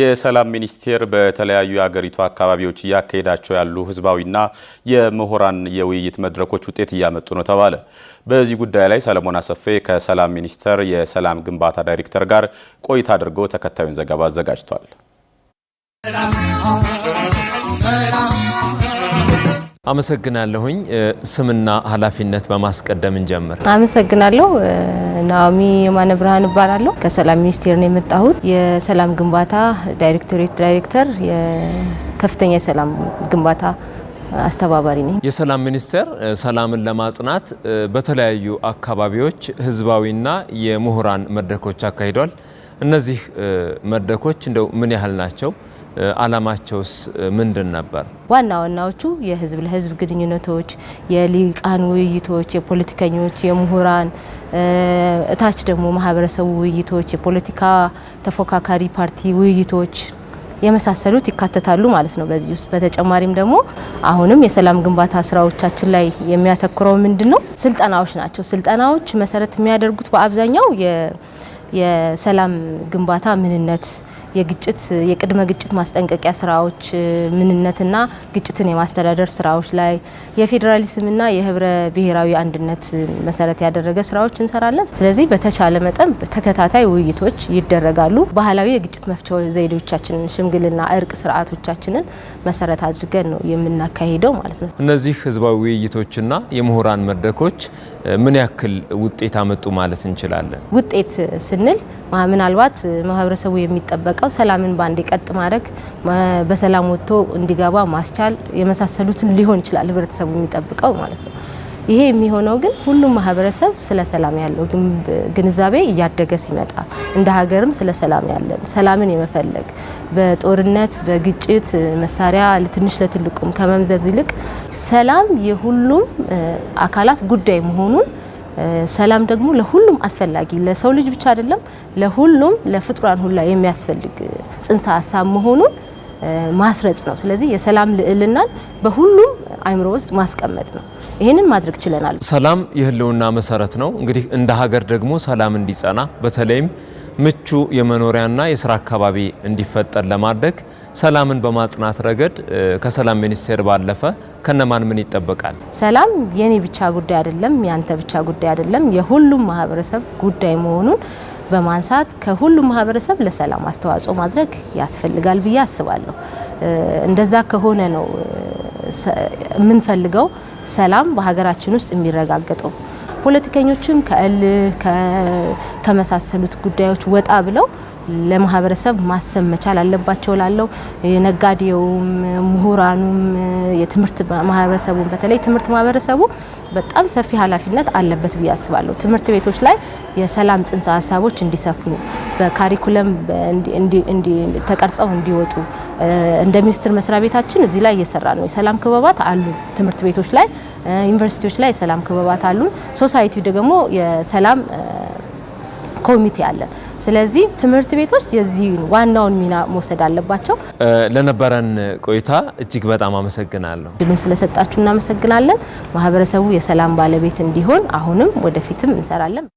የሰላም ሚኒስቴር በተለያዩ የአገሪቱ አካባቢዎች እያካሄዳቸው ያሉ ህዝባዊና የምሁራን የውይይት መድረኮች ውጤት እያመጡ ነው ተባለ። በዚህ ጉዳይ ላይ ሰለሞን አሰፌ ከሰላም ሚኒስቴር የሰላም ግንባታ ዳይሬክተር ጋር ቆይታ አድርጎ ተከታዩን ዘገባ አዘጋጅቷል። አመሰግናለሁኝ። ስምና ኃላፊነት በማስቀደም እንጀምር። አመሰግናለሁ። ናኦሚ የማነ ብርሃን እባላለሁ። ከሰላም ሚኒስቴር ነው የመጣሁት። የሰላም ግንባታ ዳይሬክቶሬት ዳይሬክተር፣ የከፍተኛ የሰላም ግንባታ አስተባባሪ ነኝ። የሰላም ሚኒስቴር ሰላምን ለማጽናት በተለያዩ አካባቢዎች ህዝባዊና የምሁራን መድረኮች አካሂዷል። እነዚህ መድረኮች እንደው ምን ያህል ናቸው? አላማቸውስ ምንድን ነበር? ዋና ዋናዎቹ የህዝብ ለህዝብ ግንኙነቶች፣ የሊቃን ውይይቶች፣ የፖለቲከኞች፣ የምሁራን እታች ደግሞ ማህበረሰቡ ውይይቶች፣ የፖለቲካ ተፎካካሪ ፓርቲ ውይይቶች የመሳሰሉት ይካተታሉ ማለት ነው። በዚህ ውስጥ በተጨማሪም ደግሞ አሁንም የሰላም ግንባታ ስራዎቻችን ላይ የሚያተኩረው ምንድን ነው? ስልጠናዎች ናቸው። ስልጠናዎች መሰረት የሚያደርጉት በአብዛኛው የሰላም ግንባታ ምንነት የግጭት የቅድመ ግጭት ማስጠንቀቂያ ስራዎች ምንነትና ግጭትን የማስተዳደር ስራዎች ላይ የፌዴራሊዝምና የህብረ ብሔራዊ አንድነት መሰረት ያደረገ ስራዎች እንሰራለን። ስለዚህ በተቻለ መጠን ተከታታይ ውይይቶች ይደረጋሉ። ባህላዊ የግጭት መፍቻ ዘዴዎቻችንን፣ ሽምግልና፣ እርቅ ስርዓቶቻችንን መሰረት አድርገን ነው የምናካሄደው ማለት ነው። እነዚህ ህዝባዊ ውይይቶችና የምሁራን መድረኮች ምን ያክል ውጤት አመጡ ማለት እንችላለን? ውጤት ስንል ምናልባት ማህበረሰቡ የሚጠበቀው ሰላምን በአንድ ቀጥ ማድረግ፣ በሰላም ወጥቶ እንዲገባ ማስቻል የመሳሰሉትን ሊሆን ይችላል ህብረተሰቡ የሚጠብቀው ማለት ነው። ይሄ የሚሆነው ግን ሁሉም ማህበረሰብ ስለ ሰላም ያለው ግንዛቤ እያደገ ሲመጣ እንደ ሀገርም ስለ ሰላም ያለን ሰላምን የመፈለግ በጦርነት በግጭት መሳሪያ ለትንሽ ለትልቁም ከመምዘዝ ይልቅ ሰላም የሁሉም አካላት ጉዳይ መሆኑን ሰላም ደግሞ ለሁሉም አስፈላጊ ለሰው ልጅ ብቻ አይደለም፣ ለሁሉም ለፍጡራን ሁላ የሚያስፈልግ ጽንሰ ሀሳብ መሆኑን ማስረጽ ነው። ስለዚህ የሰላም ልዕልናን በሁሉም አይምሮ ውስጥ ማስቀመጥ ነው። ይህንን ማድረግ ችለናል። ሰላም የህልውና መሰረት ነው። እንግዲህ እንደ ሀገር ደግሞ ሰላም እንዲጸና በተለይም ምቹ የመኖሪያና የስራ አካባቢ እንዲፈጠር ለማድረግ ሰላምን በማጽናት ረገድ ከሰላም ሚኒስቴር ባለፈ ከነማን ምን ይጠበቃል? ሰላም የኔ ብቻ ጉዳይ አይደለም፣ ያንተ ብቻ ጉዳይ አይደለም፣ የሁሉም ማህበረሰብ ጉዳይ መሆኑን በማንሳት ከሁሉም ማህበረሰብ ለሰላም አስተዋጽኦ ማድረግ ያስፈልጋል ብዬ አስባለሁ። እንደዛ ከሆነ ነው የምንፈልገው ሰላም በሀገራችን ውስጥ የሚረጋገጠው። ፖለቲከኞችም ከእልህ ከመሳሰሉት ጉዳዮች ወጣ ብለው ለማህበረሰብ ማሰብ መቻል አለባቸው። ላለው ነጋዴውም፣ ምሁራኑም፣ የትምህርት ማህበረሰቡም በተለይ ትምህርት ማህበረሰቡ በጣም ሰፊ ኃላፊነት አለበት ብዬ አስባለሁ። ትምህርት ቤቶች ላይ የሰላም ጽንሰ ሀሳቦች እንዲሰፍኑ በካሪኩለም ተቀርጸው እንዲወጡ እንደ ሚኒስቴር መስሪያ ቤታችን እዚህ ላይ እየሰራ ነው። የሰላም ክበባት አሉ ትምህርት ቤቶች ላይ፣ ዩኒቨርሲቲዎች ላይ የሰላም ክበባት አሉን። ሶሳይቲው ደግሞ የሰላም ኮሚቴ አለን። ስለዚህ ትምህርት ቤቶች የዚህን ዋናውን ሚና መውሰድ አለባቸው። ለነበረን ቆይታ እጅግ በጣም አመሰግናለሁ። ድሉን ስለሰጣችሁ እናመሰግናለን። ማህበረሰቡ የሰላም ባለቤት እንዲሆን አሁንም ወደፊትም እንሰራለን።